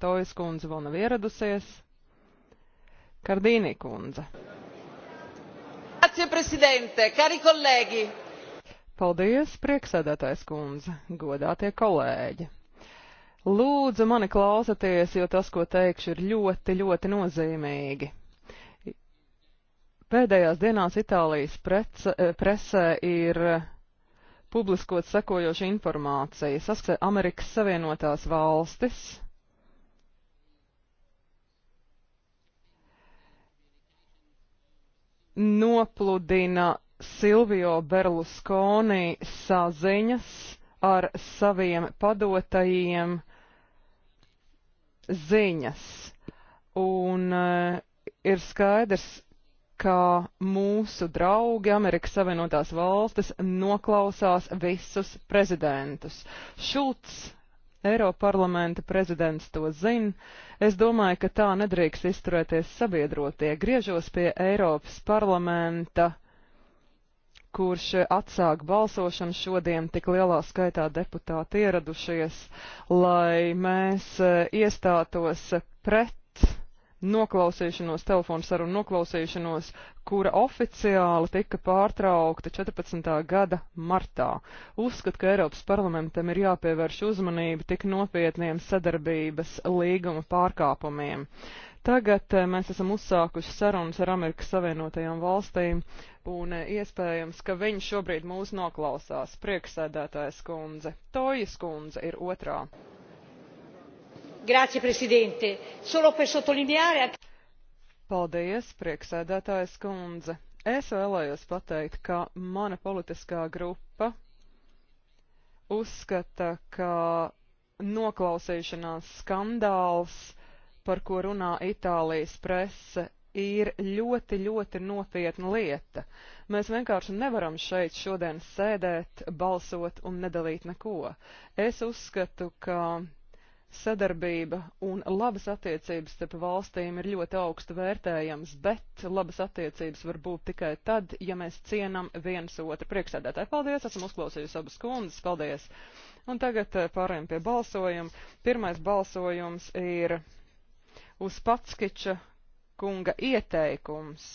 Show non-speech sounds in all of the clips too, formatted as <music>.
Tojas kundze vēl nav ieradusies. Kardīnī kundze. Paldies, prieksēdētājs kundze, godātie kolēģi. Lūdzu, mani klausieties, jo tas, ko teikšu, ir ļoti, ļoti nozīmīgi. Pēdējās dienās Itālijas prece, eh, presē ir publiskot sekojoša informācija. Saskatē Amerikas Savienotās valstis nopludina Silvio Berluskoni saziņas ar saviem padotajiem ziņas. Un uh, ir skaidrs, ka mūsu draugi Amerikas Savienotās valstis noklausās visus prezidentus. Šulcs Eiroparlamenta prezidents to zina. Es domāju, ka tā nedrīkst izturēties sabiedrotie. Griežos pie Eiropas parlamenta, kurš atsāk balsošanu šodien tik lielā skaitā deputāti ieradušies, lai mēs iestātos pret noklausīšanos, telefonu sarunu noklausīšanos, kura oficiāli tika pārtraukta 14. gada martā. Uzskat, ka Eiropas parlamentam ir jāpievērš uzmanība tik nopietniem sadarbības līguma pārkāpumiem. Tagad eh, mēs esam uzsākuši sarunas ar Amerikas Savienotajām valstīm, un eh, iespējams, ka viņi šobrīd mūs noklausās. Prieksēdētājs kundze, Tojas kundze ir otrā. Grācija prezidente. Solo per sottolineare. Paldies, prieksēdētājas kundze. Es vēlējos pateikt, ka mana politiskā grupa uzskata, ka noklausīšanās skandāls, par ko runā Itālijas prese, ir ļoti, ļoti nopietna lieta. Mēs vienkārši nevaram šeit šodien sēdēt, balsot un nedalīt neko. Es uzskatu, ka sadarbība un labas attiecības starp valstīm ir ļoti augstu vērtējams, bet labas attiecības var būt tikai tad, ja mēs cienam viens otru priekšsēdētāju. Paldies, esam uzklausījusi abas kundzes, paldies. Un tagad eh, pārējām pie balsojuma. Pirmais balsojums ir uz Patskiča kunga ieteikums.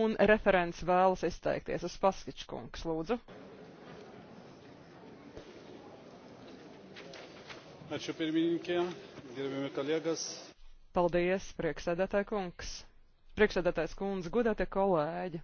Un referents vēlas izteikties uz Patskiča kungs, lūdzu. Ačiū pirmininkė, gerbimi kolegas. Paldies, priekšsēdētāja kungs. Priekšsēdētājs kundze, godātie kolēģi.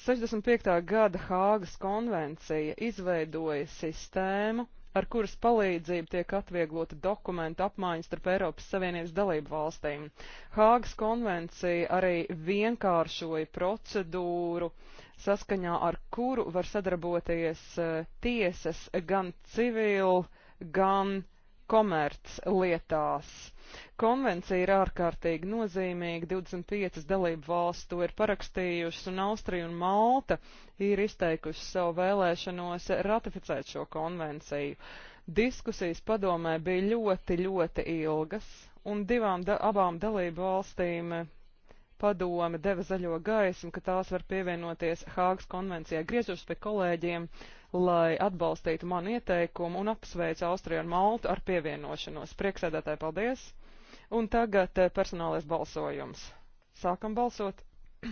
65. gada Hāgas konvencija izveidoja sistēmu, ar kuras palīdzību tiek atvieglota dokumentu apmaiņa starp Eiropas Savienības dalību valstīm. Hāgas konvencija arī vienkāršoja procedūru, saskaņā ar kuru var sadarboties eh, tiesas gan civil, gan uh, komerclietās. Konvencija ir ārkārtīgi nozīmīga, 25 dalību valsts to ir parakstījušas, un Austrija un Malta ir izteikuši savu vēlēšanos ratificēt šo konvenciju. Diskusijas padomē bija ļoti, ļoti ilgas, un divām da abām dalību valstīm padome deva zaļo gaismu, ka tās var pievienoties Hāgas konvencijai. Griežos pie kolēģiem, uh, lai atbalstītu manu ieteikumu un apsveicu Austriju un Maltu ar pievienošanos. Prieksēdētāji, paldies! Un tagad eh, personālais balsojums. Sākam balsot. <clears throat>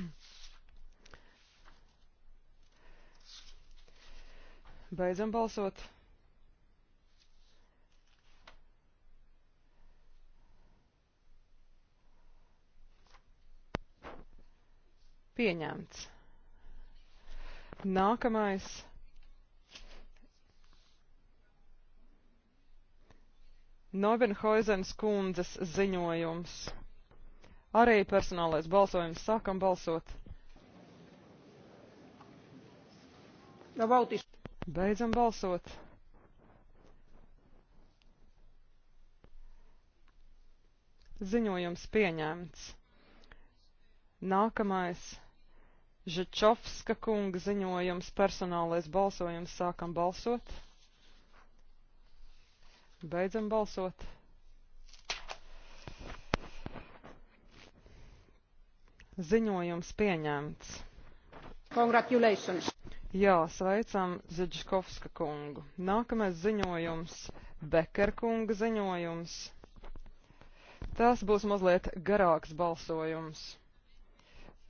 Beidzam balsot. Pieņemts. Nākamais Novenhoizens kundzes ziņojums. Arī personālais balsojums. Sākam balsot. Beidzam balsot. Ziņojums pieņemts. Nākamais. Žečovska kunga ziņojums personālais balsojums. Sākam balsot. Beidzam balsot. Ziņojums pieņemts. Congratulations! Jā, sveicam Ziedžkovska kungu. Nākamais ziņojums - Beker kunga ziņojums. Tas būs mazliet garāks balsojums.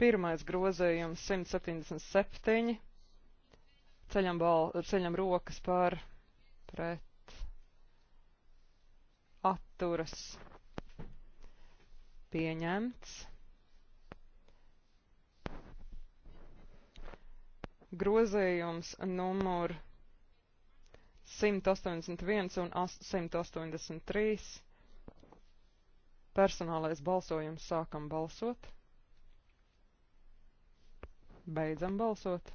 Pirmais grozījums 177. Ceļam, bal, ceļam rokas pār pret atturas pieņemts. Grozījums numur 181 un 183. Personālais balsojums sākam balsot. Beidzam balsot.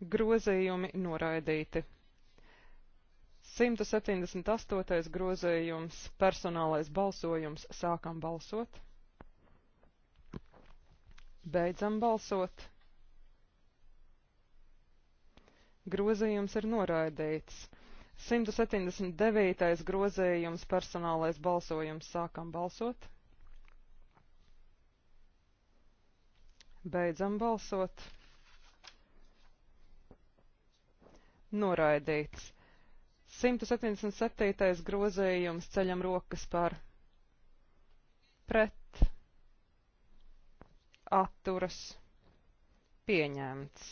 grozījumi noraidīti. 178. grozījums - personālais balsojums - sākam balsot. Beidzam balsot. Grozījums ir noraidīts. 179. grozējums personālais balsojums sākam balsot. Beidzam balsot. Noraidīts. 177. grozījums ceļam rokas par pret atturas pieņemts.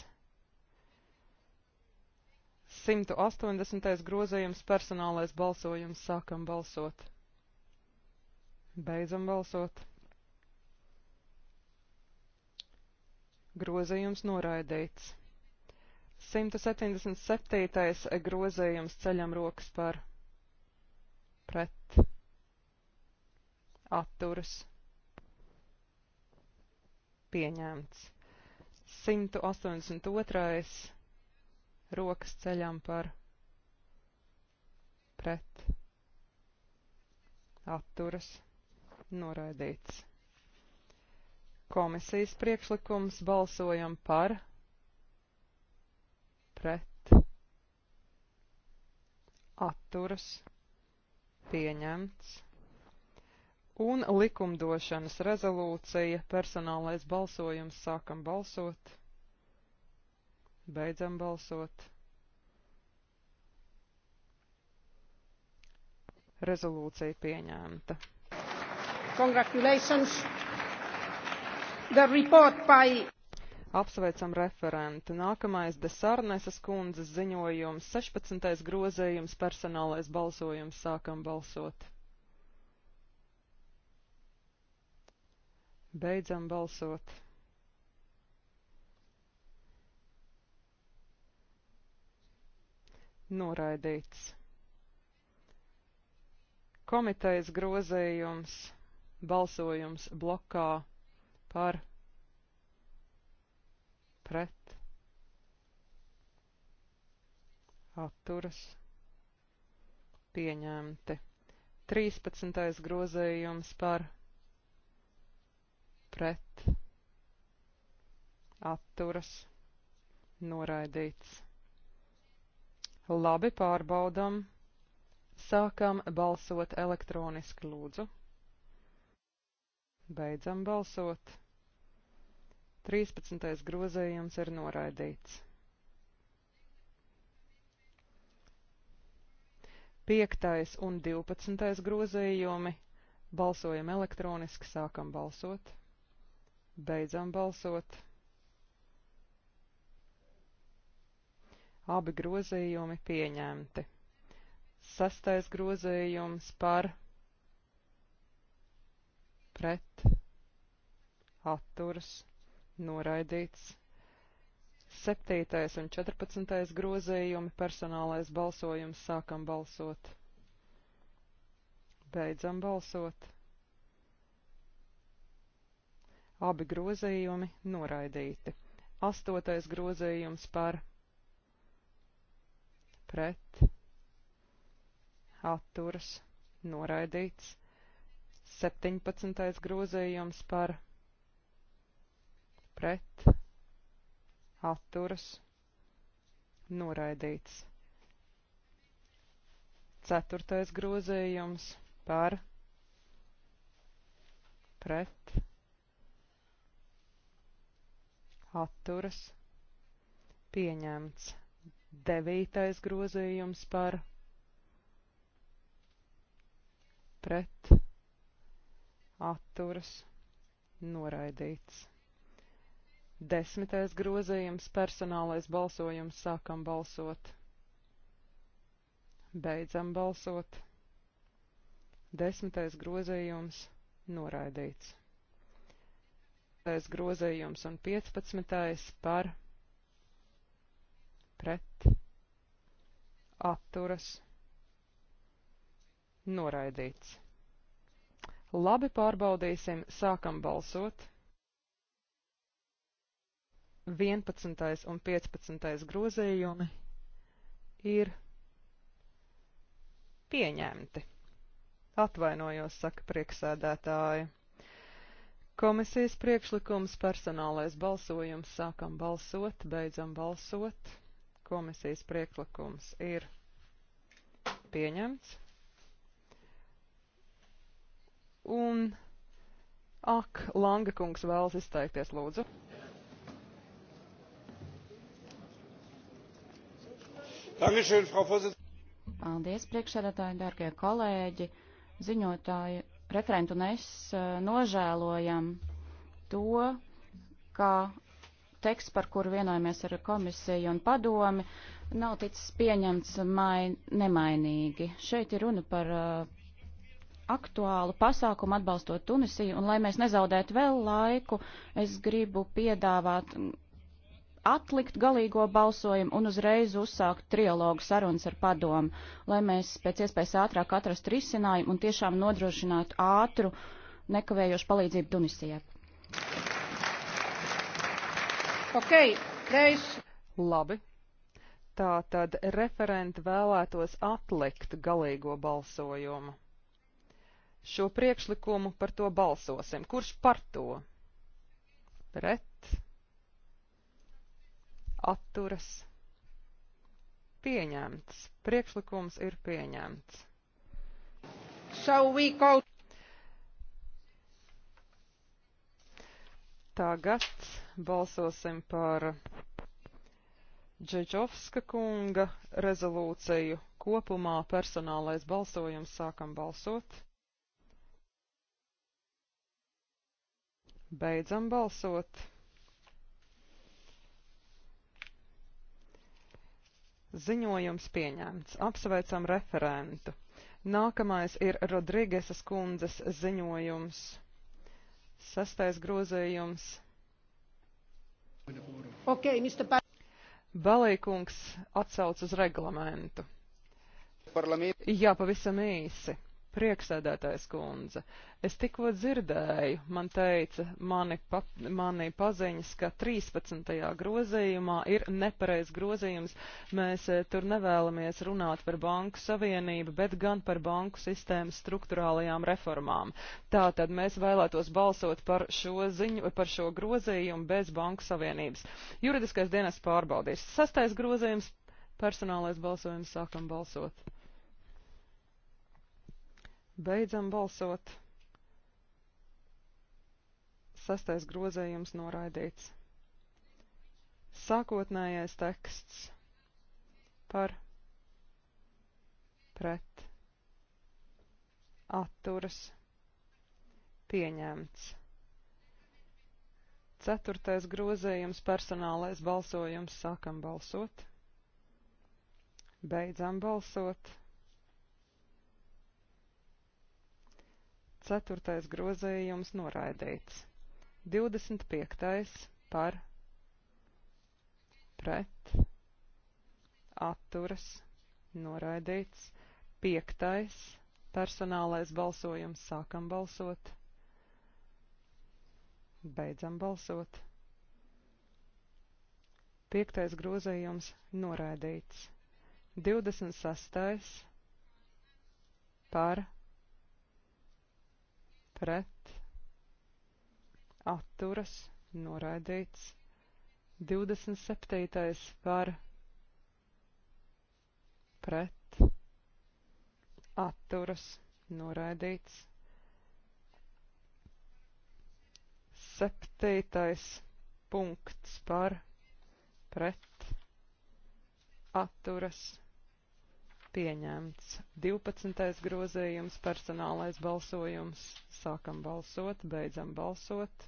180. grozījums personālais balsojums sākam balsot. Beidzam balsot. Grozījums noraidīts. 177. grozējums ceļam rokas par pret atturas pieņemts. 182. rokas ceļam par pret atturas noraidīts. Komisijas priekšlikums balsojam par pret, atturas, pieņemts. Un likumdošanas rezolūcija, personālais balsojums, sākam balsot, beidzam balsot. Rezolūcija pieņemta. Congratulations! The report by Apsveicam referentu. Nākamais Desarneses kundzes ziņojums, 16. grozējums, personālais balsojums, sākam balsot. Beidzam balsot. Noraidīts. Komitejas grozējums, balsojums blokā par pret, atturas, pieņemti. 13. grozējums par pret, atturas, noraidīts. Labi pārbaudam, sākam balsot elektroniski lūdzu. Beidzam balsot. 13. grozējums ir noraidīts. 5. un 12. grozējumi balsojam elektroniski, sākam balsot, beidzam balsot. Abi grozējumi pieņemti. Sastais grozējums par pret atturas noraidīts. 7. un 14. grozījumi personālais balsojums sākam balsot. Beidzam balsot. Abi grozījumi noraidīti. 8. grozījums par pret atturas noraidīts. 17. grozījums par pret pret, atturas, noraidīts. Ceturtais grozījums par, pret, atturas, pieņemts. Devītais grozījums par, pret, atturas, noraidīts. Desmitais grozījums - personālais balsojums - sākam balsot. Beidzam balsot. Desmitais grozījums - noraidīts. Desmitais grozījums un piecpadsmitais par pret atturas noraidīts. Labi pārbaudīsim, sākam balsot. 11. un 15. grozījumi ir pieņemti. Atvainojos, saka prieksēdētāji. Komisijas priekšlikums personālais balsojums sākam balsot, beidzam balsot. Komisijas priekšlikums ir pieņemts. Un, ak, Langa kungs vēlas izteikties, lūdzu. Paldies, priekšsēdētāji, darbie kolēģi, ziņotāji, referentu un es eh, nožēlojam to, ka teksts, par kuru vienojamies ar komisiju un padomi, nav ticis pieņemts main, nemainīgi. Šeit ir runa par uh, aktuālu pasākumu atbalstot Tunisiju, un lai mēs nezaudētu vēl laiku, es gribu piedāvāt atlikt galīgo balsojumu un uzreiz uzsākt trialogu sarunas ar padomu, lai mēs pēc iespējas ātrāk atrastu risinājumu un tiešām nodrošinātu ātru, nekavējošu palīdzību Tunisijai. Okay, reiz. Labi. Tā tad referenti vēlētos atlikt galīgo balsojumu. Šo priekšlikumu par to balsosim. Kurš par to? Pret? atturas pieņemts. Priekšlikums ir pieņemts. So we go. Tagad balsosim par Džeģovska kunga rezolūciju. Kopumā personālais balsojums sākam balsot. Beidzam balsot. Ziņojums pieņemts. Apsveicam referentu. Nākamais ir Rodrigesas kundzes ziņojums. Sastais grozījums. Okay, Mr. Balīkungs atsauc uz reglamentu. Parlament. Jā, pavisam īsi. Prieksēdētājs kundze, es tikko dzirdēju, man teica mani, pa, mani paziņas, ka 13. grozījumā ir nepareiz grozījums. Mēs e, tur nevēlamies runāt par banku savienību, bet gan par banku sistēmas struktūrālajām reformām. Tātad mēs vēlētos balsot par šo, ziņu, par šo grozījumu bez banku savienības. Juridiskais dienas pārbaudīs. Sastais grozījums - personālais balsojums sākam balsot. Beidzam balsot. Sastais grozējums noraidīts. Sākotnējais teksts par pret atturas pieņemts. Ceturtais grozējums personālais balsojums sākam balsot. Beidzam balsot. Ceturtais grozējums noraidīts. 25. par pret atturas noraidīts. 5. personālais balsojums sākam balsot. Beidzam balsot. Piektais grozējums noraidīts. 26. par pret pret, atturas, noraidīts. 27. par pret, atturas, noraidīts. 7. punkts par pret, atturas, noraidīts pieņemts. 12. grozījums, personālais balsojums. Sākam balsot, beidzam balsot.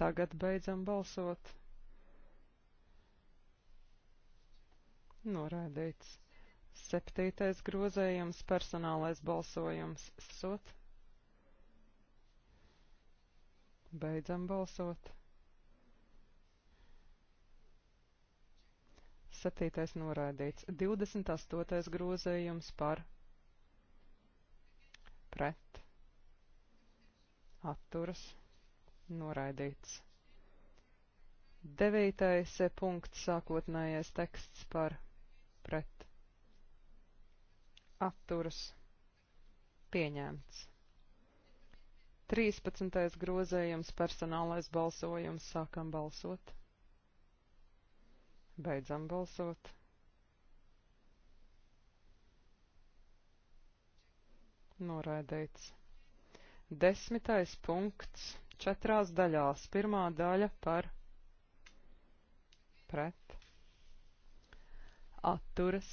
Tagad beidzam balsot. Noraidīts. Septītais grozējums - personālais balsojums. Sot. Beidzam balsot. 7. noraidīts, 28. grozējums par pret atturas noraidīts. 9. punkts sākotnējais teksts par pret atturas pieņemts. 13. grozējums personālais balsojums sākam balsot. Beidzam balsot. Noraidīts. Desmitais punkts četrās daļās. Pirmā daļa par pret. Atturas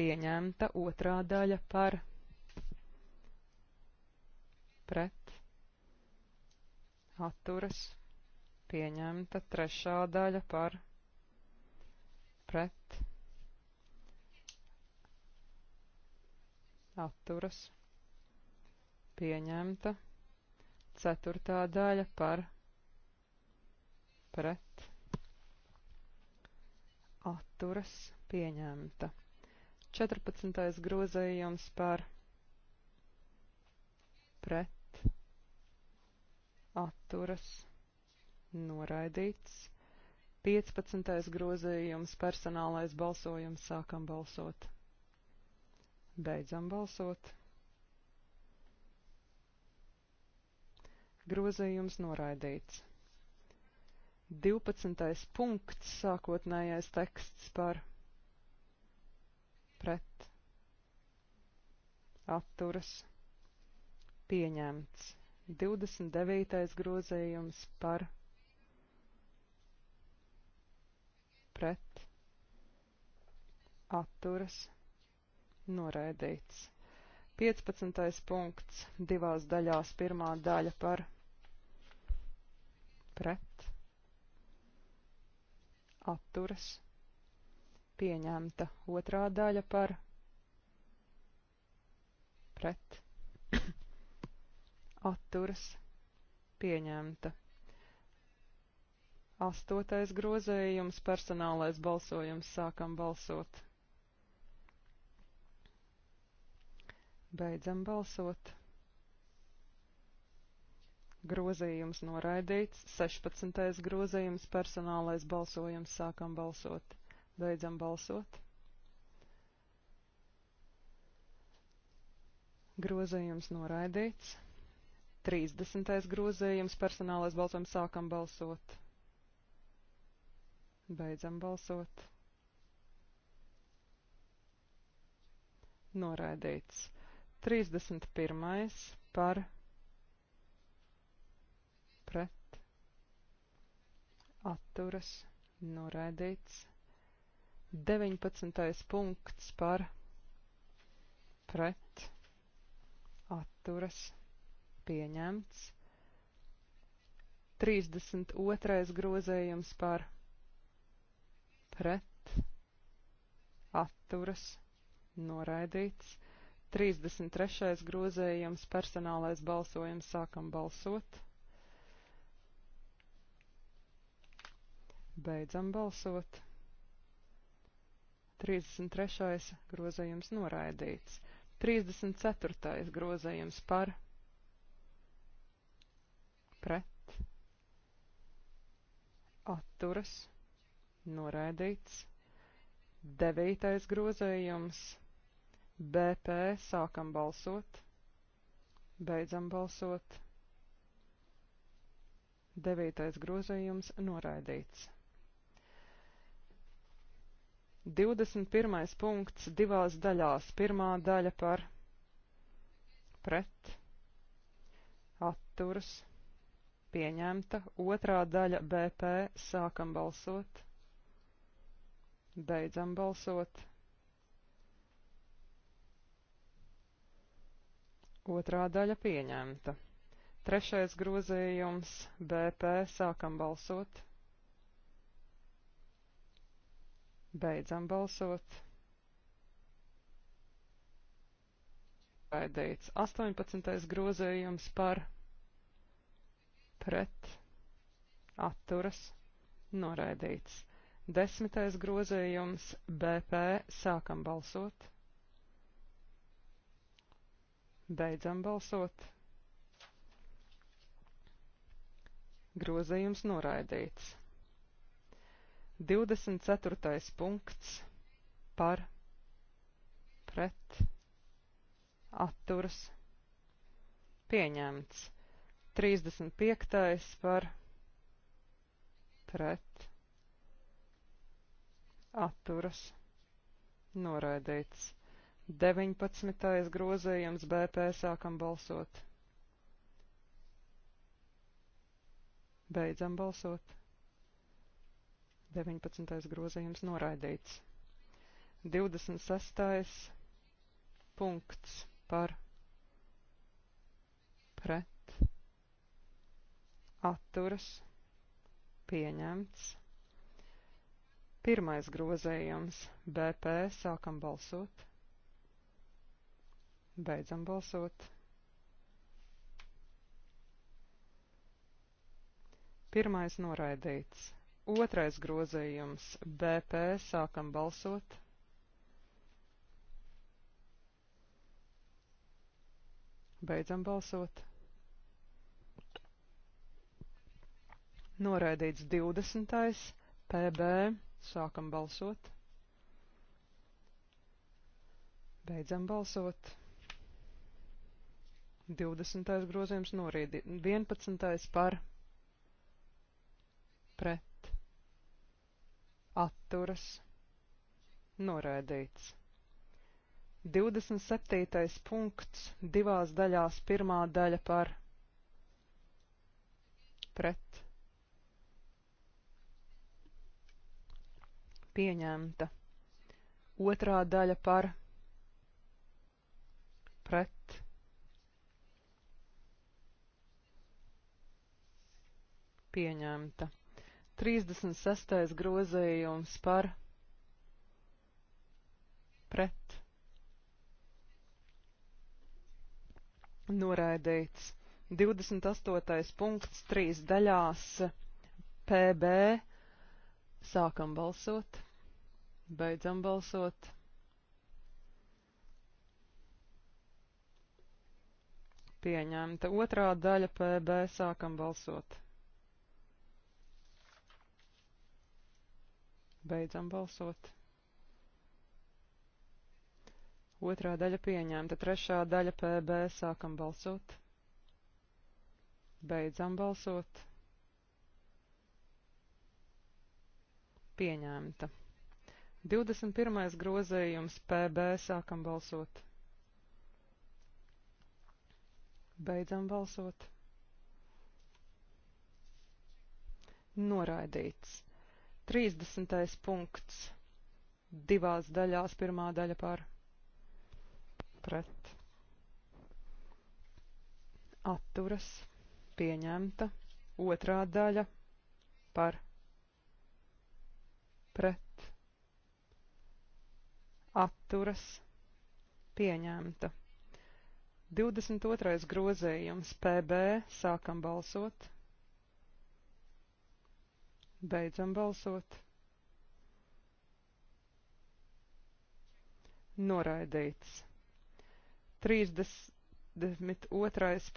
pieņemta otrā daļa par pret. Atturas pieņemta trešā daļa par pret atturas pieņemta. Ceturtā daļa par pret atturas pieņemta. 14. grozējums par pret atturas noraidīts. 15. grozījums personālais balsojums sākam balsot. Beidzam balsot. Grozījums noraidīts. 12. punkts sākotnējais teksts par pret atturas pieņemts. 29. grozījums par pret, atturas, noraidīts. 15. punkts divās daļās, pirmā daļa par pret, atturas, pieņemta otrā daļa par pret, <coughs> atturas, pieņemta. Astotais grozējums - personālais balsojums. Sākam balsot. Beidzam balsot. Grozījums noraidīts. 16. grozījums - personālais balsojums. Sākam balsot. Beidzam balsot. Grozījums noraidīts. 30. grozījums - personālais balsojums. Sākam balsot. Beidzam balsot. Noraidīts. 31. par pret atturas noraidīts. 19. punkts par pret atturas pieņemts. 32. grozējums par pret pret, atturas, noraidīts. 33. grozējums personālais balsojums sākam balsot. Beidzam balsot. 33. grozējums noraidīts. 34. grozējums par pret atturas noraidīts. Devītais grozējums BP sākam balsot, beidzam balsot. Devītais grozējums noraidīts. 21. punkts divās daļās. Pirmā daļa par pret, atturas, pieņemta. Otrā daļa BP sākam balsot, Beidzam balsot. Otrā daļa pieņemta. Trešais grozījums BP sākam balsot. Beidzam balsot. Gaidīts 18. grozījums par pret atturas noraidīts. Desmitais grozījums BP. Sākam balsot. Beidzam balsot. Grozījums noraidīts. 24. punkts par pret atturs pieņemts. 35. par pret atturas, noraidīts. 19. grozījums BP sākam balsot. Beidzam balsot. 19. grozījums noraidīts. 26. punkts par pret atturas pieņemts. Pirmais grozējums BP sākam balsot. Beidzam balsot. Pirmais noraidīts. Otrais grozējums BP sākam balsot. Beidzam balsot. Noraidīts 20. PB Sākam balsot. Beidzam balsot. 20. grozījums norīd 11. par pret atturas noraidīts. 27. punkts divās daļās pirmā daļa par pret pieņemta. Otrā daļa par pret. Pieņemta. 36. grozējums par pret. Noraidīts. 28. punkts 3 daļās PB. Sākam balsot. Beidzam balsot. Pieņemta otrā daļa PB. Sākam balsot. Beidzam balsot. Otrā daļa pieņemta, trešā daļa PB sākam balsot. Beidzam balsot. Pieņemta. 21. grozējums PB sākam balsot. Beidzam balsot. Noraidīts. 30. punkts. Divās daļās pirmā daļa par pret. Atturas. Pieņemta. Otrā daļa par pret atturas pieņemta. 22. grozījums PB sākam balsot. Beidzam balsot. Noraidīts. 32.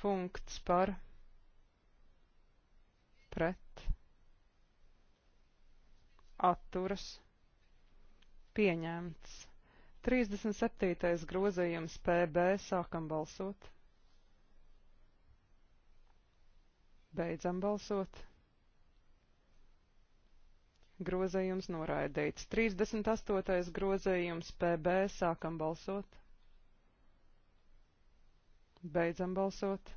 punkts par pret atturas pieņemts. 37. grozījums PB sākam balsot. Beidzam balsot. Grozījums noraidīts. 38. grozījums PB sākam balsot. Beidzam balsot.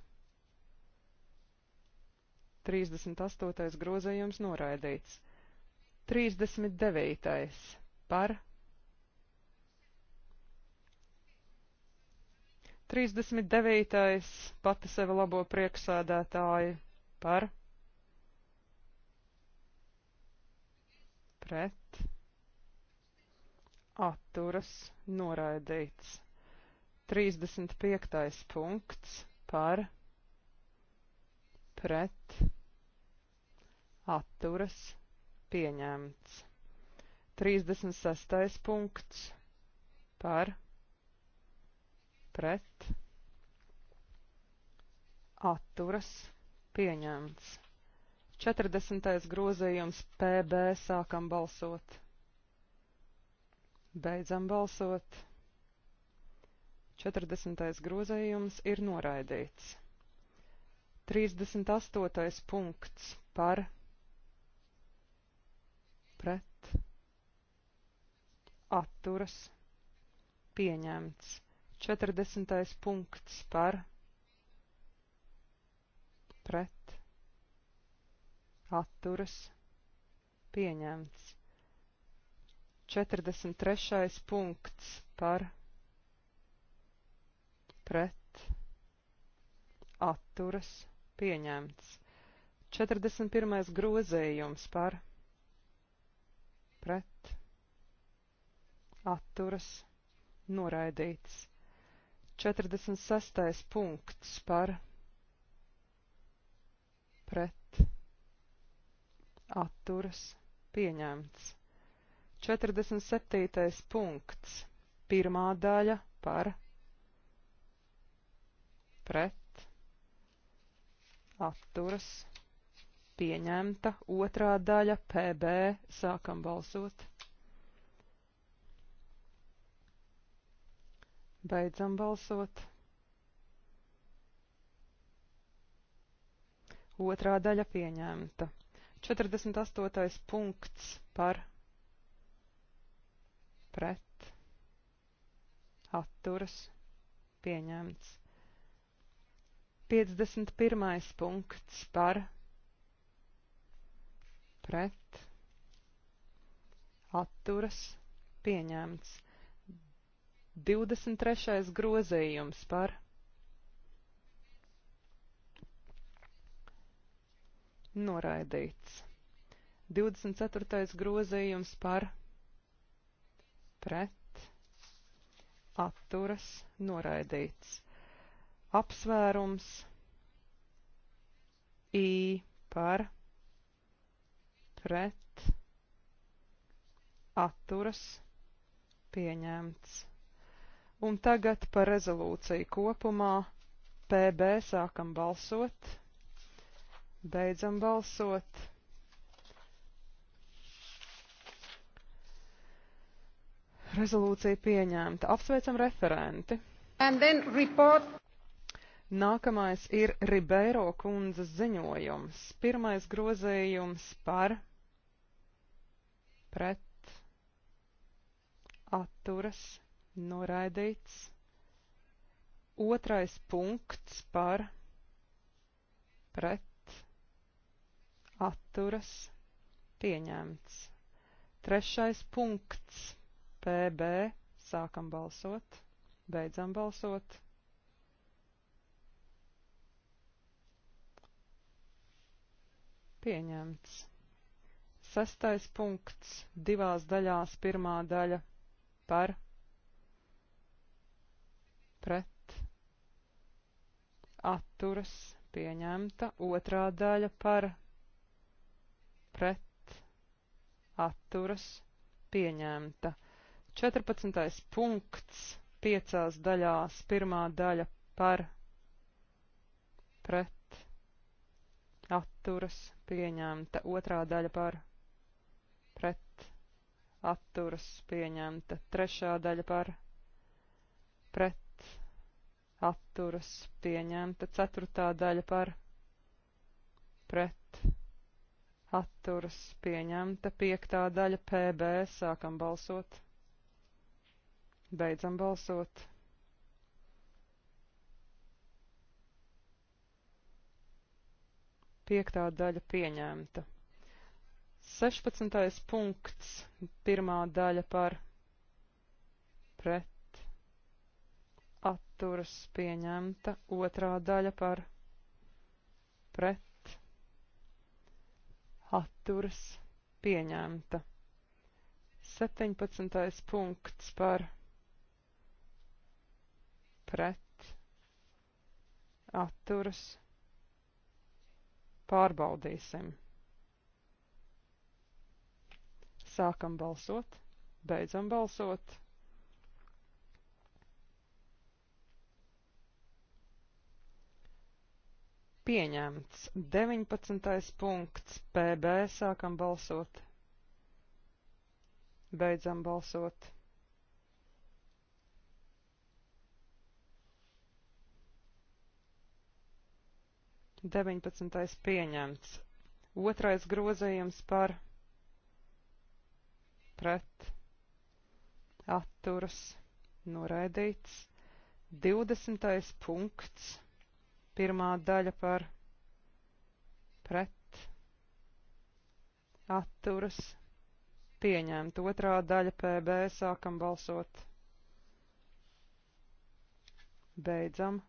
38. grozījums noraidīts. 39. par 39. pati sevi labo prieksēdētāji par pret atturas noraidīts. 35. punkts par pret atturas pieņemts. 36. punkts par pret pret, atturas, pieņemts. 40. grozījums PB sākam balsot. Beidzam balsot. 40. grozījums ir noraidīts. 38. punkts par pret atturas pieņemts. 40. punkts par pret atturas pieņemts. 43. punkts par pret atturas pieņemts. 41. grozējums par pret atturas noraidīts. 46. punkts par pret atturas pieņemts. 47. punkts pirmā daļa par pret atturas pieņemta otrā daļa PB sākam balsot. Beidzam balsot. Otrā daļa pieņemta. 48. punkts par pret atturas pieņemts. 51. punkts par pret atturas pieņemts. 23. grozījums par noraidīts. 24. grozījums par pret atturas noraidīts. Apsvērums I par pret atturas pieņemts. Un tagad par rezolūciju kopumā. PB sākam balsot. Beidzam balsot. Rezolūcija pieņemta. Apsveicam referenti. Nākamais ir Ribeiro kundzes ziņojums. Pirmais grozējums par pret atturas noraidīts. Otrais punkts par pret atturas pieņemts. Trešais punkts PB sākam balsot, beidzam balsot. Pieņemts. Sastais punkts divās daļās, pirmā daļa par pret pret atturas pieņemta, otrā daļa par pret atturas pieņemta. 14. punkts piecās daļās, pirmā daļa par pret atturas pieņemta, otrā daļa par pret atturas pieņemta, trešā daļa par pret atturas pieņemta. Ceturtā daļa par pret atturas pieņemta. Piektā daļa PB sākam balsot. Beidzam balsot. Piektā daļa pieņemta. 16. punkts, pirmā daļa par pret atturas pieņemta, otrā daļa par pret atturas pieņemta. 17. punkts par pret atturas pārbaudīsim. Sākam balsot, beidzam balsot. Pieņemts. 19. punkts. PB. Sākam balsot. Beidzam balsot. Deviņpadsmitais pieņemts. Otrais grozījums par pret atturas noraidīts. Divdesmitais punkts. Pirmā daļa par pret atturas pieņemt. Otrā daļa PB sākam balsot. Beidzam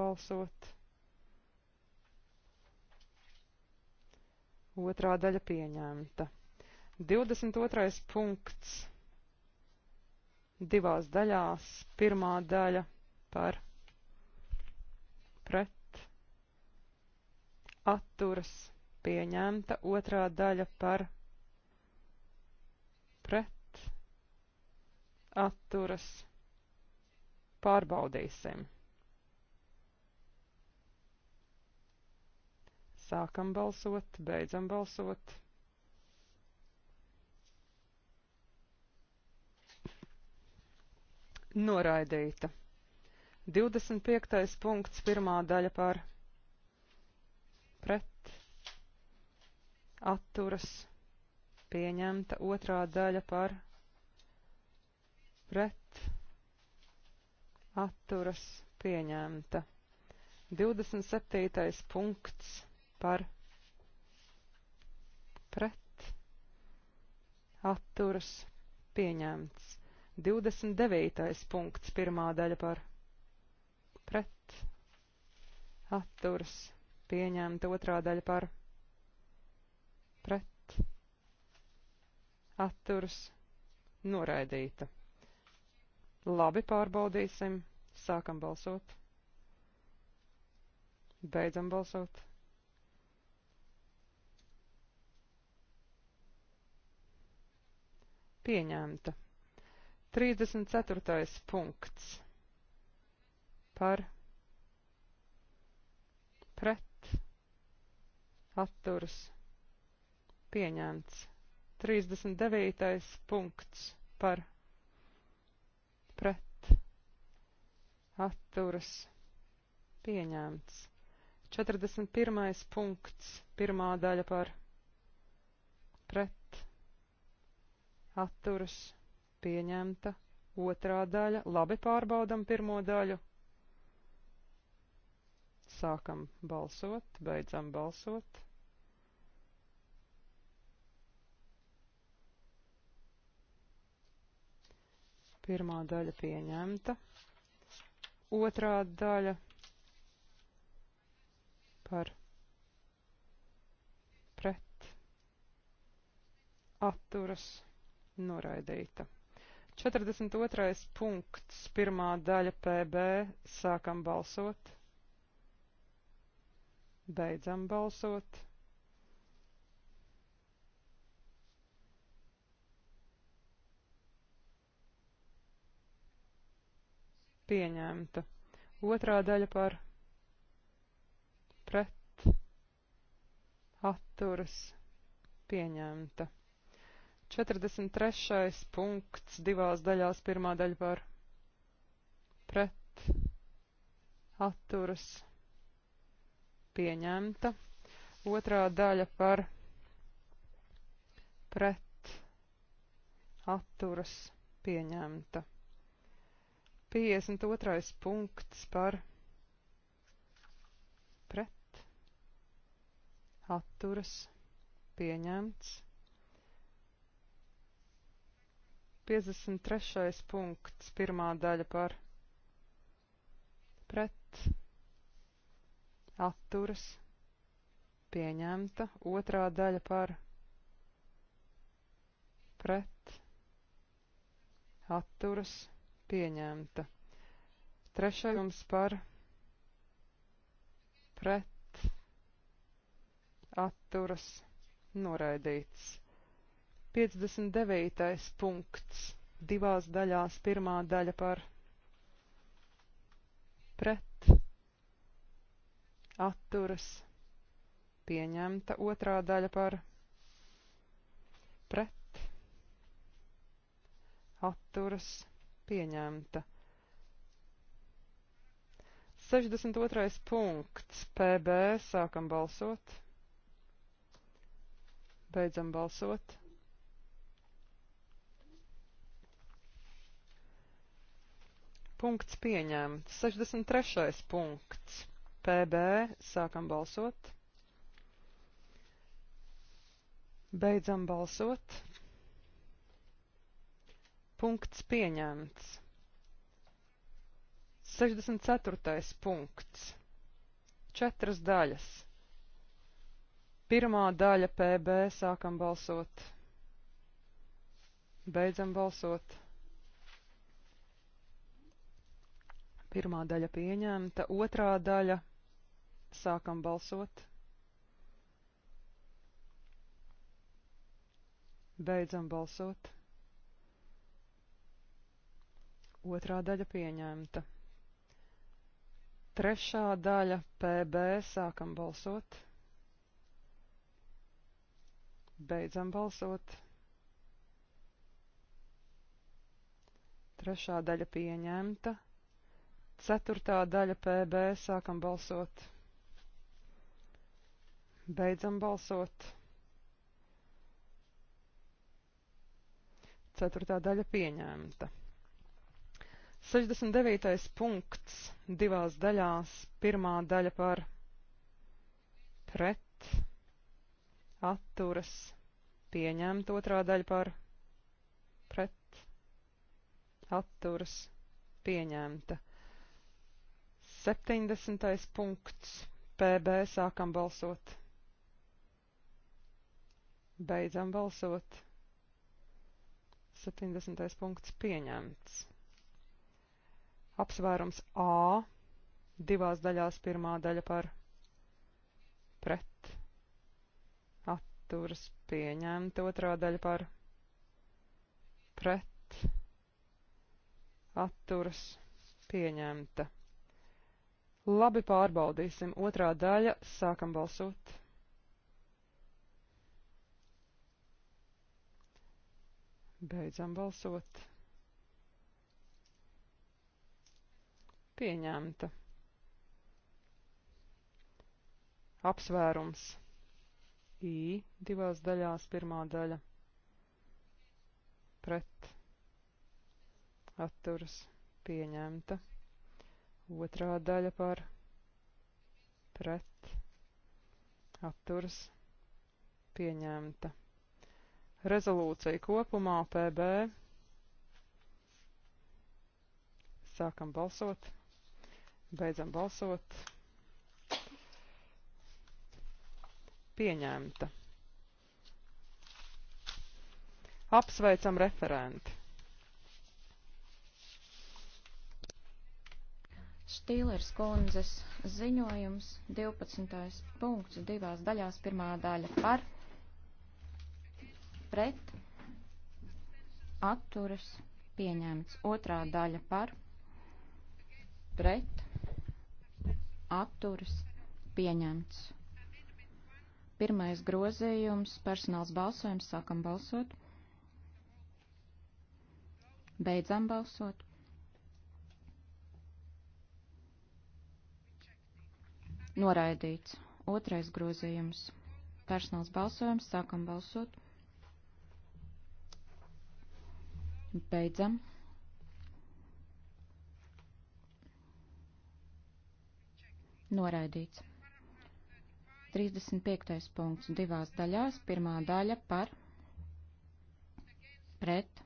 balsot. Otrā daļa pieņemta. 22. punkts divās daļās. Pirmā daļa par pret atturas pieņemta, otrā daļa par pret atturas pārbaudīsim. Sākam balsot, beidzam balsot. Noraidīta. 25. punkts, pirmā daļa par pret, atturas, pieņemta, otrā daļa par pret, atturas, pieņemta. 27. punkts par pret, atturas, pieņemts. 29. punkts, pirmā daļa par pret pret atturas pieņemta otrā daļa par pret atturas noraidīta. Labi, pārbaudīsim. Sākam balsot. Beidzam balsot. Pieņemta. 34. punkts par pret atturas pieņemts. 39. punkts par pret atturas pieņemts. 41. punkts pirmā daļa par pret atturas pieņemta. Otrā daļa labi pārbaudam pirmo daļu. Sākam balsot, beidzam balsot. Pirmā daļa pieņemta. Otrā daļa par pret atturas noraidīta. 42. punkts, pirmā daļa PB, sākam balsot. Beidzam balsot. Pieņemta. Otrā daļa par pret atturas pieņemta. 43. punkts divās daļās pirmā daļa par pret atturas pieņemta pieņemta. Otrā daļa par pret atturas pieņemta. 52. punkts par pret atturas pieņemts. 53. punkts, pirmā daļa par pret atturas, pieņemta, otrā daļa par pret, atturas, pieņemta, trešajums par pret, atturas, noraidīts. 59. punkts divās daļās, pirmā daļa par pret, atturas pieņemta otrā daļa par pret atturas pieņemta. 62. punkts PB sākam balsot. Beidzam balsot. Punkts pieņemts. 63. punkts. PB. Sākam balsot. Beidzam balsot. Punkts pieņemts. 64. punkts. Četras daļas. Pirmā daļa PB sākam balsot. Beidzam balsot. Pirmā daļa pieņemta, otrā daļa Sākam balsot. Beidzam balsot. Otrā daļa pieņemta. Trešā daļa PB sākam balsot. Beidzam balsot. Trešā daļa pieņemta. Ceturtā daļa PB sākam balsot. Beidzam balsot. Ceturtā daļa pieņemta. 69. punkts divās daļās. Pirmā daļa par pret, atturas, pieņemt. Otrā daļa par pret, atturas, pieņemta. 70. punkts PB sākam balsot. Beidzam balsot. 70. punkts pieņemts. Apsvērums A divās daļās pirmā daļa par pret atturas pieņemta, otrā daļa par pret atturas pieņemta. Labi pārbaudīsim otrā daļa, sākam balsot. Beidzam balsot. Pieņemta. Apsvērums. I divās daļās pirmā daļa. Pret. Atturas. Pieņemta. Otrā daļa par. Pret. Atturas. Pieņemta. Rezolūcija kopumā PB. Sākam balsot. Beidzam balsot. Pieņemta. Apsveicam referenti. Štīlers kundzes ziņojums 12. punkts divās daļās. Pirmā daļa par pret, atturas, pieņemts. Otrā daļa par, pret, atturas, pieņemts. Pirmais grozījums, personāls balsojums, sākam balsot. Beidzam balsot. Noraidīts. Otrais grozījums. Personāls balsojums. Sākam balsot. Beidzam. Noraidīts. 35. punkts divās daļās. Pirmā daļa par pret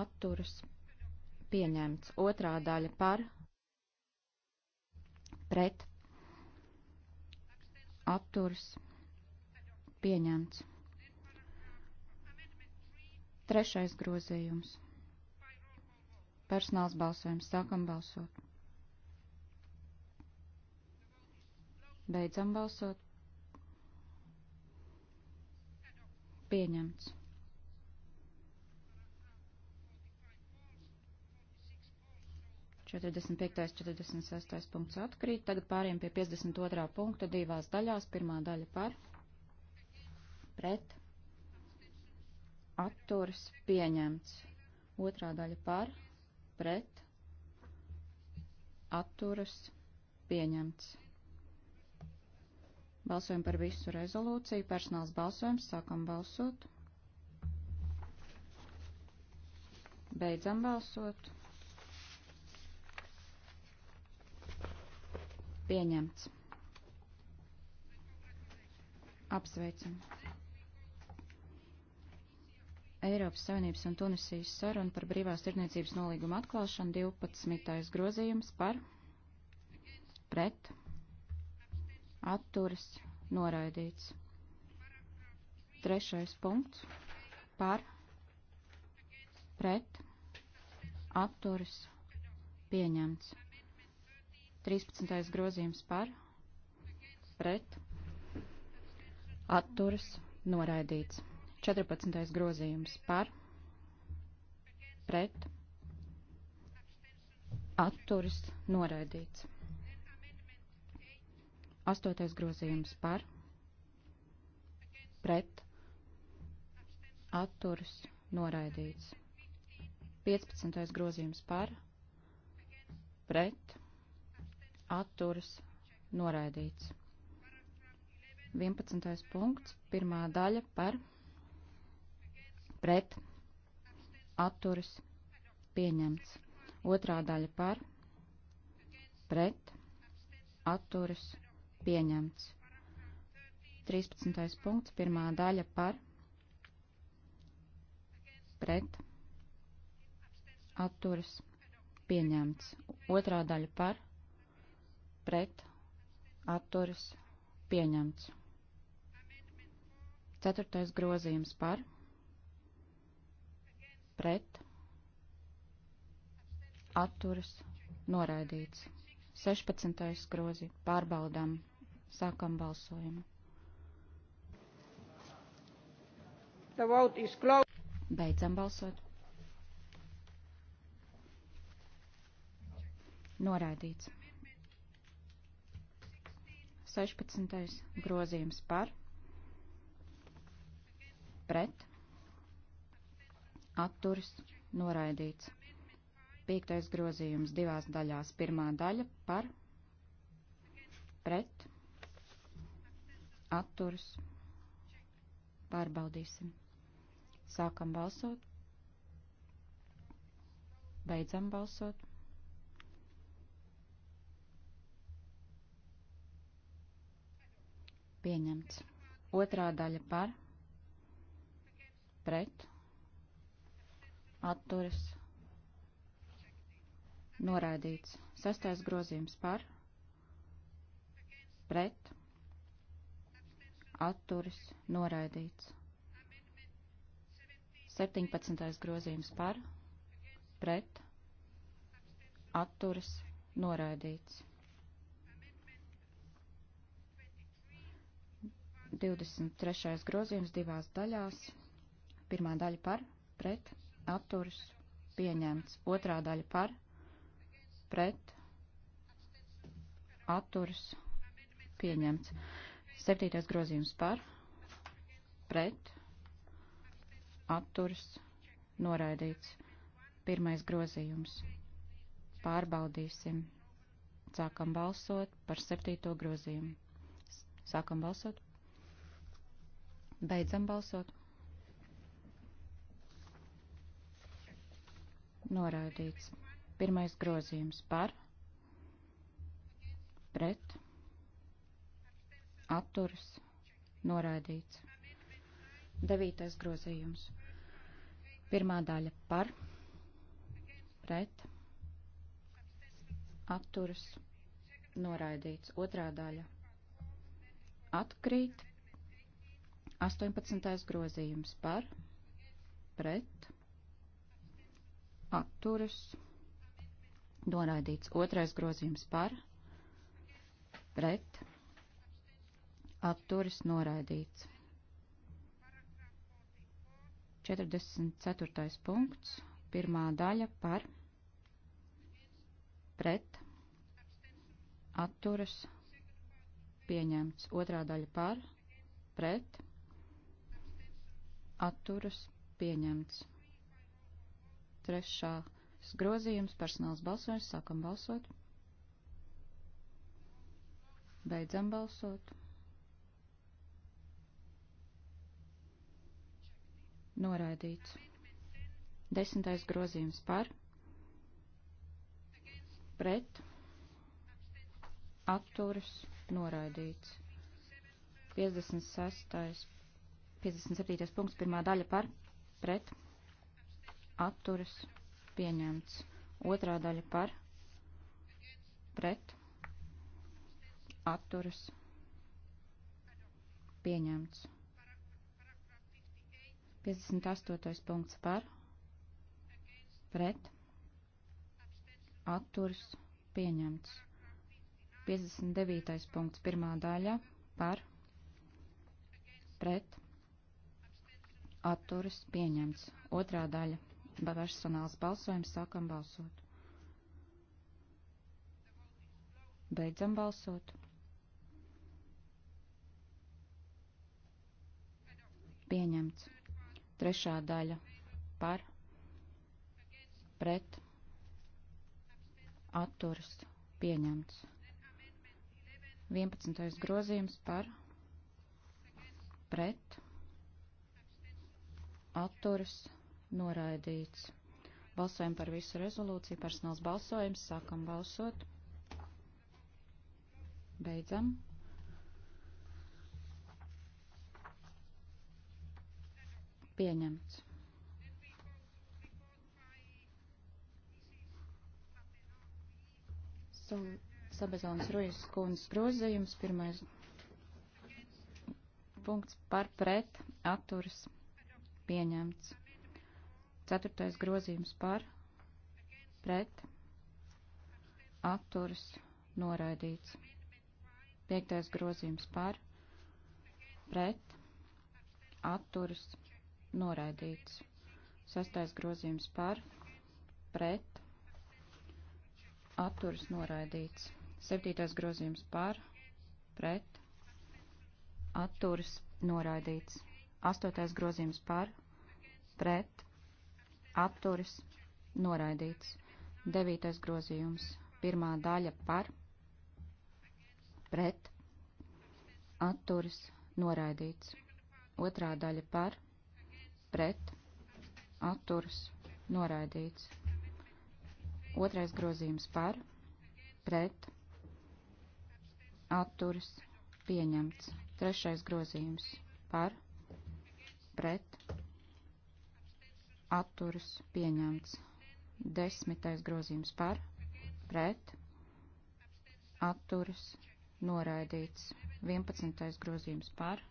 atturas pieņemts. Otrā daļa par pret atturas pieņemts. Trešais grozījums. Personāls balsojums. Sākam balsot. Beidzam balsot. Pieņemts. Četrdesmit piektais, četrdesmit sestais punkts atkrīt. Tagad pāriem pie 52. punkta divās daļās. Pirmā daļa par, pret, atturas pieņemts. Otrā daļa par, pret, atturas pieņemts. Balsojam par visu rezolūciju. Personāls balsojums. Sākam balsot. Beidzam balsot. Pieņemts. Apsveicam. Eiropas Savienības un Tunisijas saruna par brīvās tirniecības nolīgumu atklāšanu 12. grozījums par pret atturas noraidīts. Trešais punkts par pret atturas pieņemts. 13. grozījums par pret atturas noraidīts. 14. grozījums par, pret, atturis, noraidīts. 8. grozījums par, pret, atturis, noraidīts. 15. grozījums par, pret, atturis, noraidīts. 11. punkts, pirmā daļa par, pret, pret, atturas, pieņemts. Otrā daļa par, pret, atturas, pieņemts. 13. punkts, pirmā daļa par, pret, atturas, pieņemts. Otrā daļa par, pret, atturas, pieņemts. Ceturtais grozījums par, pret, pret, atturas, noraidīts. 16. grozi, pārbaudām, sākam balsojumu. Beidzam balsot. Noraidīts. 16. grozījums par, pret, atturas noraidīts. Piektais grozījums divās daļās. Pirmā daļa par pret atturas pārbaudīsim. Sākam balsot. Beidzam balsot. Pieņemts. Otrā daļa par pret atturas, noraidīts. Sastais grozījums par, pret, atturas, noraidīts. 17. grozījums par, pret, atturas, noraidīts. 23. grozījums divās daļās. Pirmā daļa par, pret, atturs pieņemts. Otrā daļa par, pret, atturs pieņemts. Septītais grozījums par, pret, atturs noraidīts. Pirmais grozījums. Pārbaudīsim. Sākam balsot par septīto grozījumu. Sākam balsot. Beidzam balsot. noraidīts. Pirmais grozījums par, pret, atturas, noraidīts. Devītais grozījums. Pirmā daļa par, pret, atturas, noraidīts. Otrā daļa atkrīt. 18. grozījums par, pret, atturas, noraidīts otrais grozījums par, pret, atturas, noraidīts. 44. punkts, pirmā daļa par, pret, atturas, pieņemts, otrā daļa par, pret, atturas, pieņemts trešās grozījums, personāls balsojums, sākam balsot. Beidzam balsot. Noraidīts. Desmitais grozījums par, pret, atturas, noraidīts. 56. 57. punkts, pirmā daļa par, pret, atturas pieņemts. Otrā daļa par pret atturas pieņemts. 58. punkts par pret atturas pieņemts. 59. punkts pirmā daļa par pret atturas pieņemts. Otrā daļa personāls balsojums, sākam balsot. Beidzam balsot. Pieņemts. Trešā daļa par, pret, atturs, pieņemts. 11. grozījums par, pret, atturs, pieņemts noraidīts. Balsojam par visu rezolūciju, personāls balsojums, sākam balsot. Beidzam. Pieņemts. Sabezonas Rujas kundas grozījums, pirmais punkts par pret atturas pieņemts. Ceturtais grozījums par, pret, atturas, noraidīts. Piektais grozījums par, pret, atturas, noraidīts. Sastais grozījums par, pret, atturas, noraidīts. Septītais grozījums par, pret, atturas, noraidīts. Astotais grozījums par, pret, apturis, noraidīts. Devītais grozījums, pirmā daļa par, pret, atturis, noraidīts. Otrā daļa par, pret, atturis, noraidīts. Otrais grozījums par, pret, atturis, pieņemts. Trešais grozījums par, pret, atturas pieņemts. Desmitais grozījums par, pret, atturas noraidīts. Vienpadsmitais grozījums par.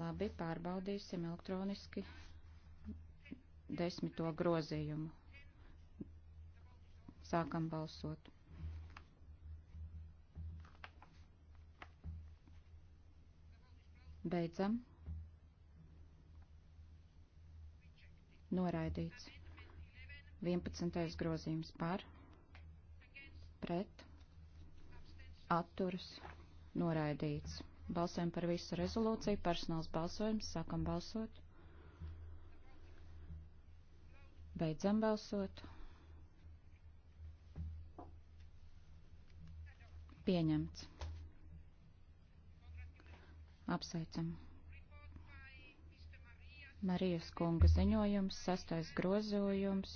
Labi, pārbaudīsim elektroniski desmito grozījumu. Sākam balsot. Beidzam. noraidīts. 11. grozījums par, pret, atturas, noraidīts. Balsojam par visu rezolūciju, personāls balsojums, sākam balsot. Beidzam balsot. Pieņemts. Apsveicam. Marijas kunga ziņojums, sastais grozojums,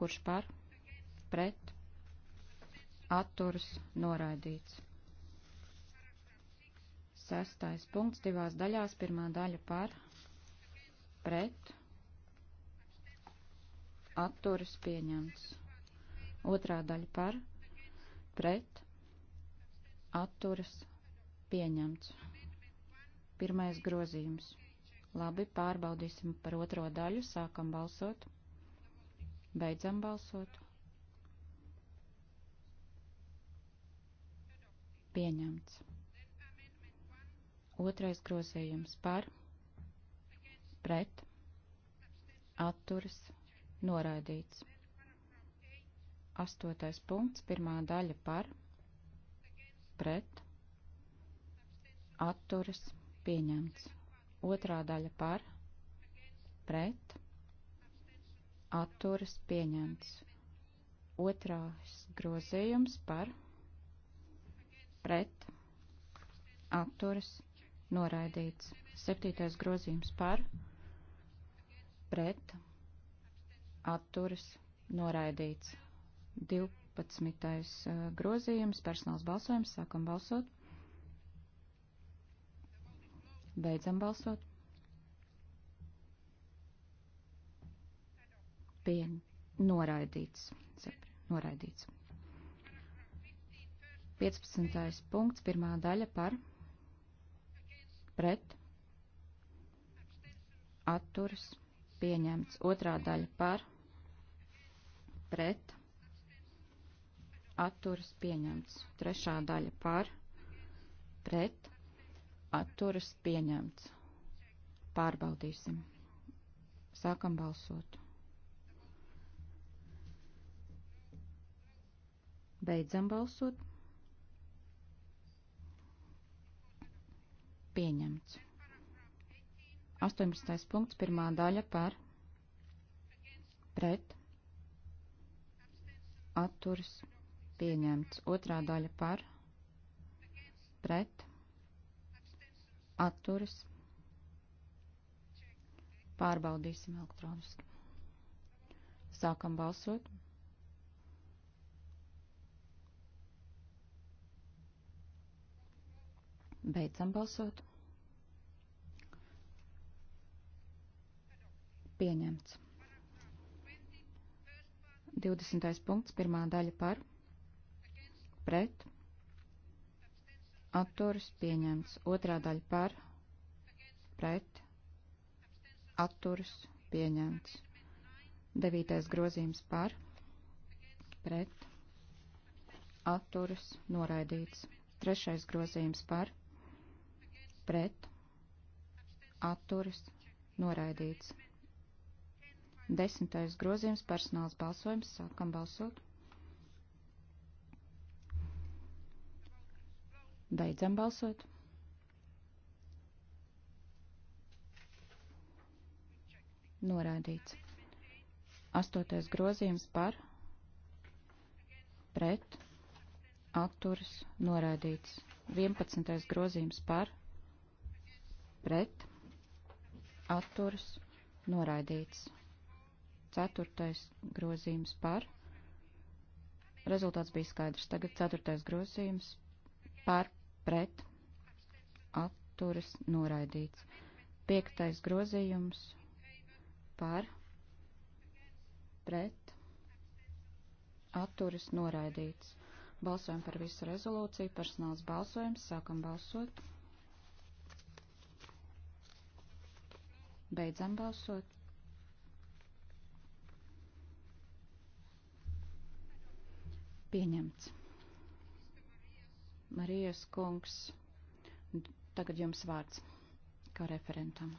kurš par, pret, atturs, noraidīts. Sestais punkts divās daļās, pirmā daļa par, pret, atturs pieņemts. Otrā daļa par, pret, atturs pieņemts. Pirmais grozījums Labi, pārbaudīsim par otro daļu. Sākam balsot. Beidzam balsot. Pieņemts. Otrais grozījums par, pret, atturas, noraidīts. Astotais punkts, pirmā daļa par, pret, atturas, pieņemts Otrā daļa par, pret, atturas pieņemts. Otrās grozījums par, pret, atturas noraidīts. Septītais grozījums par, pret, atturas noraidīts. 12. Eh, grozījums, personāls balsojums, sākam balsot. Beidzam balsot. Pie noraidīts. Noraidīts. 15. punkts, pirmā daļa par pret atturas pieņemts. Otrā daļa par pret atturas pieņemts. Trešā daļa par pret atturas pieņemts. Pārbaudīsim. Sākam balsot. Beidzam balsot. Pieņemts. 18. punkts, pirmā daļa par pret atturs pieņemts. Otrā daļa par pret atturas. Pārbaudīsim elektroniski. Sākam balsot. Beidzam balsot. Pieņemts. 20. punkts, pirmā daļa par, pret, atturas pieņemts. Otrā daļa par, pret, atturas pieņemts. Devītais grozījums par, pret, atturas noraidīts. Trešais grozījums par, pret, atturas noraidīts. Desmitais grozījums personāls balsojums. Sākam balsot. Beidzam balsot. Norādīts. Astotais grozījums par, pret, atturas, norādīts. Vienpadsmitais grozījums par, pret, atturas, noraidīts. Ceturtais grozījums par. Rezultāts bija skaidrs. Tagad ceturtais grozījums par pret, atturas noraidīts. Piektais grozījums par, pret, atturas noraidīts. Balsojam par visu rezolūciju, personāls balsojums, sākam balsot. Beidzam balsot. Pieņemts. Marijas kungs, tagad jums vārds kā referentam.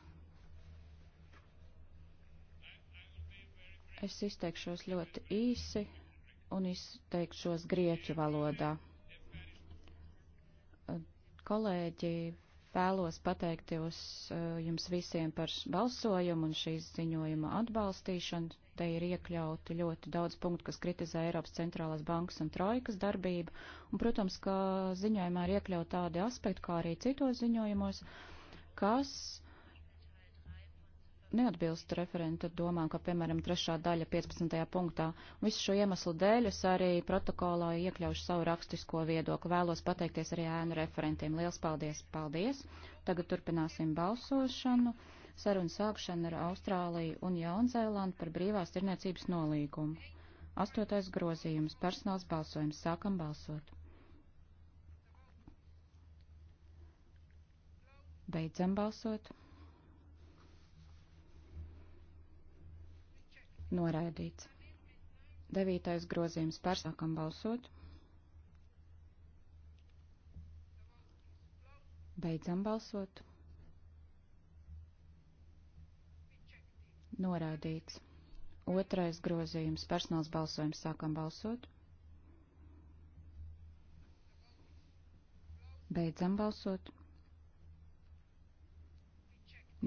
Es izteikšos ļoti īsi un izteikšos grieķu valodā. Kolēģi, vēlos pateikties uh, jums visiem par balsojumu un šīs ziņojuma atbalstīšanu te ir iekļauti ļoti daudz punktu, kas kritizē Eiropas centrālās bankas un trojkas darbību, un, protams, ka ziņojumā ir iekļaut tādi aspekti, kā arī citos ziņojumos, kas neatbilst referenta domām, kā piemēram trešā daļa 15. punktā. Visu šo iemeslu dēļ es arī protokolā iekļaušu savu rakstisko viedokli. Vēlos pateikties arī ēnu referentiem. Liels paldies! Paldies! Tagad turpināsim balsošanu sarunu sākšana ar Austrāliju un Jaunzēlandu par brīvās tirniecības nolīgumu. Astotais grozījums - personāls balsojums. Sākam balsot. Beidzam balsot. Noraidīts. Devītais grozījums - persākam balsot. Beidzam balsot. Noraidīts. Otrais grozījums. Personāls balsojums. Sākam balsot. Beidzam balsot.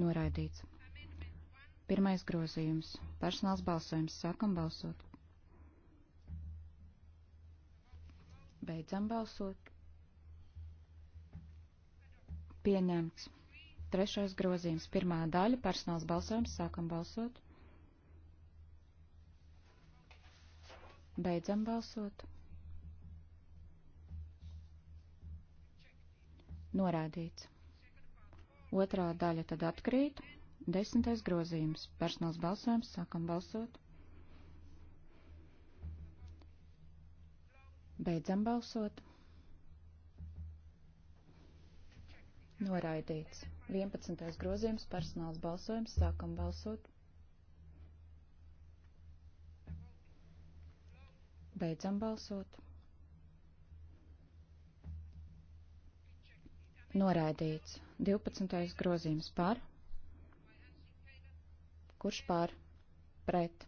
Noraidīts. Pirmais grozījums. Personāls balsojums. Sākam balsot. Beidzam balsot. Pieņemts. Trešais grozījums. Pirmā daļa. Personāls balsojums. Sākam balsot. Beidzam balsot. Norādīts. Otrā daļa tad atkrīt. Desmitais grozījums. Personāls balsojums. Sākam balsot. Beidzam balsot. Noraidīts. 11. grozījums personāls balsojums. Sākam balsot. Beidzam balsot. Noraidīts. 12. grozījums par. Kurš par? Pret.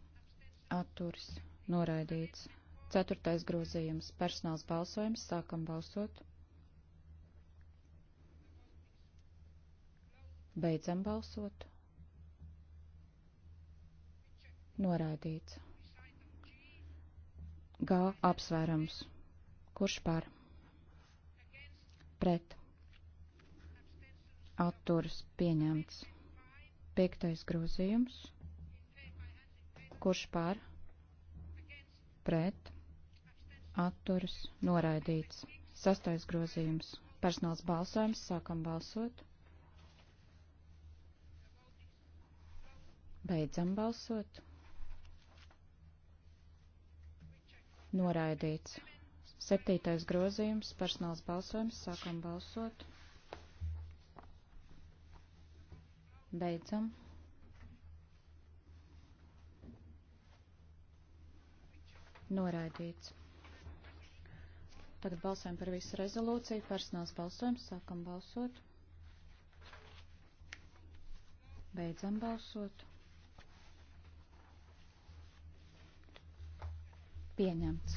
Atturs. Noraidīts. 4. grozījums personāls balsojums. Sākam balsot. Beidzam balsot. Norādīts. G apsvērums. Kurš par? Pret. Atturas pieņemts. Piektais grozījums. Kurš par? Pret. Atturas noraidīts. Sastais grozījums. Personāls balsojums. Sākam balsot. Beidzam balsot. Noraidīts. Septītais grozījums, personāls balsojums, sākam balsot. Beidzam. Noraidīts. Tagad balsojam par visu rezolūciju, personāls balsojums, sākam balsot. Beidzam balsot. Pieņemts.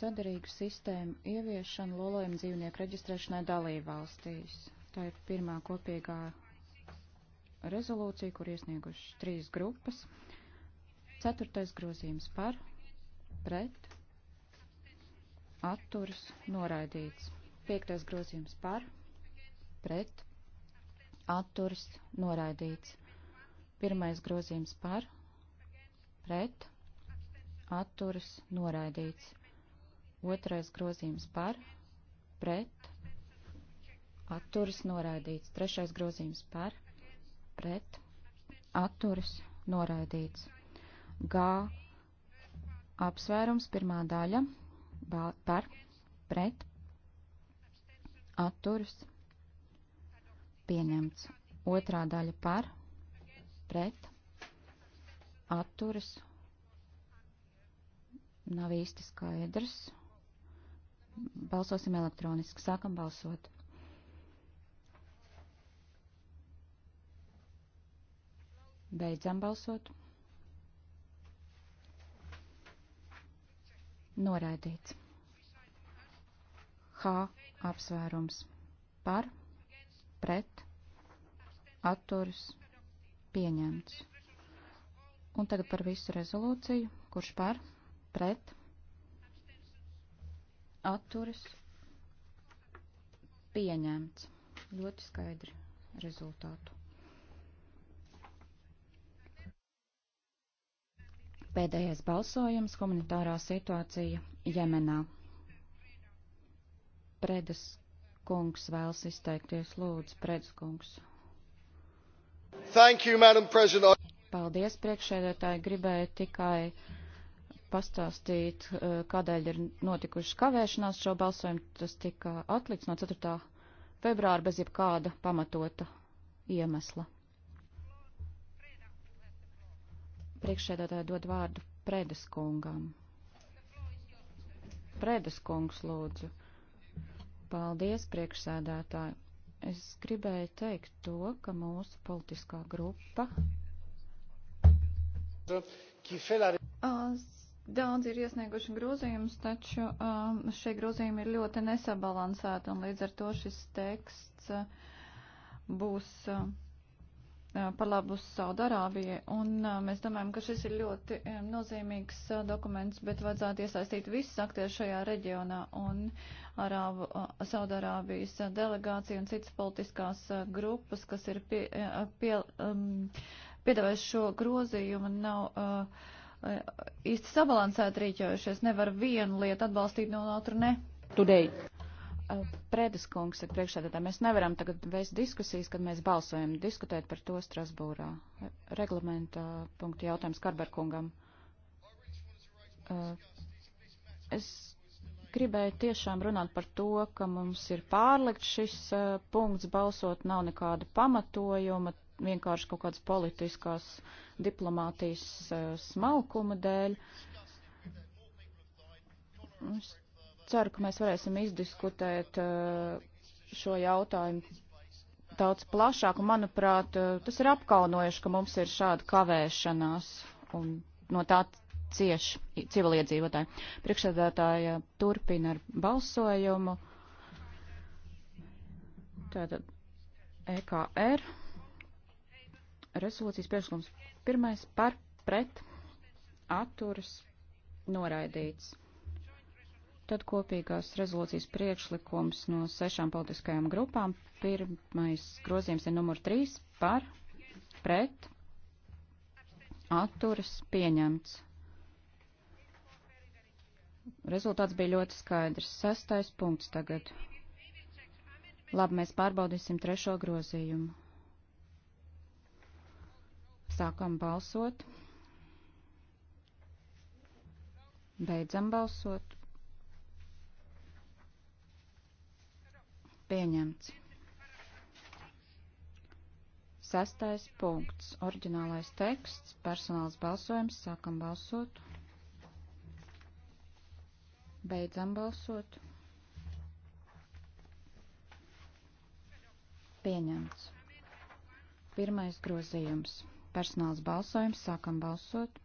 Sadarīgu sistēmu ieviešanu lolojumu dzīvnieku reģistrēšanai dalībvalstīs. Tā ir pirmā kopīgā rezolūcija, kur iesnieguši trīs grupas. Ceturtais grozījums par, pret, atturas, noraidīts. Piektais grozījums par, pret, atturs noraidīts. Pirmais grozījums par, pret, atturs noraidīts. Otrais grozījums par, pret, atturs noraidīts. Trešais grozījums par, pret, atturs noraidīts. G apsvērums pirmā daļa par, pret, atturs noraidīts pieņemts. Otrā daļa par, pret, atturas, nav īsti skaidrs. Balsosim elektroniski, sākam balsot. Beidzam balsot. Noraidīts. H apsvērums par pret, atturas, pieņemts. Un tagad par visu rezolūciju, kurš par, pret, atturas, pieņemts. Ļoti skaidri rezultātu. Pēdējais balsojums - humanitārā situācija Jemenā. Predas kungs vēlas izteikties. Lūdzu, Preds kungs. Thank you, Madam President. Paldies, priekšēdētāji. Gribēju tikai pastāstīt, eh, kādēļ ir notikušas kavēšanās šo balsojumu. Tas tika atlikts no 4. februāra bez jebkāda pamatota iemesla. Priekšēdētāji dod vārdu Predes kungam. Predes kungs, lūdzu. Paldies, priekšsēdētāji. Es gribēju teikt to, ka mūsu politiskā grupa. Daudz ir iesnieguši grozījumus, taču um, šie grozījumi ir ļoti nesabalansēti, un līdz ar to šis teksts uh, būs. Uh, par labu Saudārābijai. Un mēs domājam, ka šis ir ļoti nozīmīgs dokuments, bet vajadzētu iesaistīt visus aktierus šajā reģionā un Arābu, Saudārābijas delegāciju un citas politiskās grupas, kas ir pie, pie, piedāvājis šo grozījumu, nav īsti sabalansēti rīķojušies. Nevar vienu lietu atbalstīt no otru ne. Today. Eh, Prēdes kungs ir priekšsēdētā. Mēs nevaram tagad vēst diskusijas, kad mēs balsojam, diskutēt par to Strasbūrā. Reglamenta punktu jautājums Karberkungam. Eh, es gribēju tiešām runāt par to, ka mums ir pārlikt šis eh, punkts balsot, nav nekāda pamatojuma, vienkārši kaut kādas politiskās diplomātijas smalkuma dēļ. Es ceru, ka mēs varēsim izdiskutēt eh, šo jautājumu daudz plašāk. Un, manuprāt, eh, tas ir apkaunojuši, ka mums ir šāda kavēšanās un no tā cieši civiliedzīvotāji. Priekšsēdētāja turpina ar balsojumu. Tātad EKR rezolūcijas priekšlikums pirmais par pret atturas noraidīts. Tad kopīgās rezolūcijas priekšlikums no sešām politiskajām grupām. Pirmais grozījums ir numur 3 par, pret, atturas, pieņemts. Rezultāts bija ļoti skaidrs. Sestais punkts tagad. Labi, mēs pārbaudīsim trešo grozījumu. Sākam balsot. Beidzam balsot. Pieņemts. Sastais punkts. Orģinālais teksts. Personāls balsojums. Sākam balsot. Beidzam balsot. Pieņemts. Pirmais grozījums. Personāls balsojums. Sākam balsot.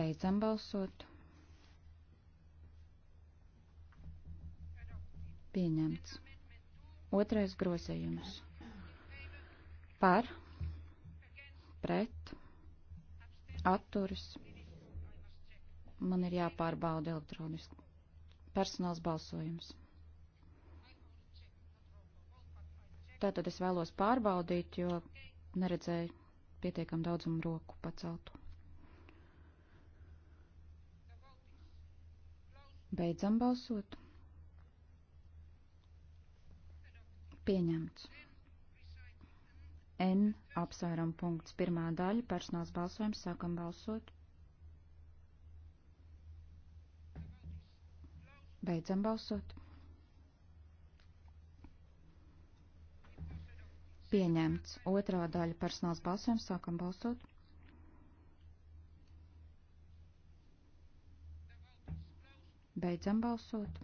Beidzam balsot. Pieņemts. Otrais grozījums. Par, pret, atturis. Man ir jāpārbauda elektroniski. Personāls balsojums. Tātad es vēlos pārbaudīt, jo neredzēju pietiekam daudzumu roku paceltu. Beidzam balsot. Pieņemts. N apsvērum punkts pirmā daļa personāls balsojums sākam balsot. Beidzam balsot. Pieņemts. Otrā daļa personāls balsojums sākam balsot. Beidzam balsot.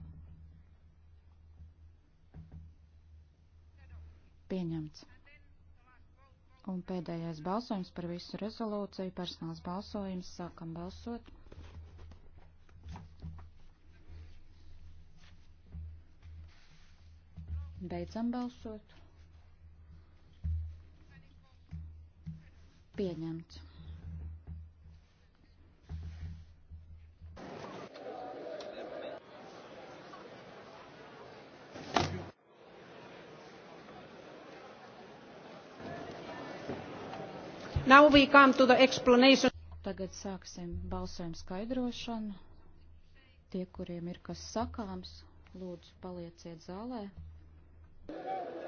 Pieņemts. Un pēdējais balsojums par visu rezolūciju, personāls balsojums, sākam balsot. Beidzam balsot. Pieņemts. Tagad sāksim balsojumu skaidrošanu. Tie, kuriem ir kas sakāms, lūdzu palieciet zālē. Thank you.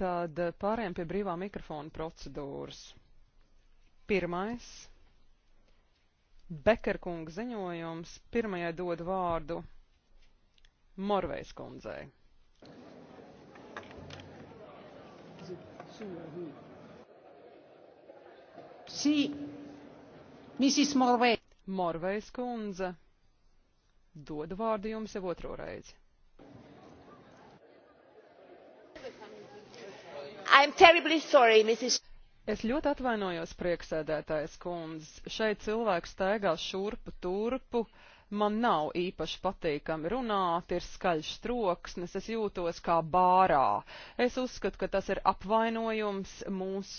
Tad eh, pārējām pie brīvā mikrofona procedūras. Pirmais. Bekerkunga ziņojums. Pirmajai dod vārdu Morvejas kundzei. Sí, Mrs. Morvej. Morvejas kundze dod vārdu jums jau otro reizi. Sorry, es ļoti atvainojos, prieksēdētājs kundze. Šeit cilvēks staigā šurpu turpu. Man nav īpaši patīkami runāt, ir skaļš troksnis, es jūtos kā bārā. Es uzskatu, ka tas ir apvainojums mūsu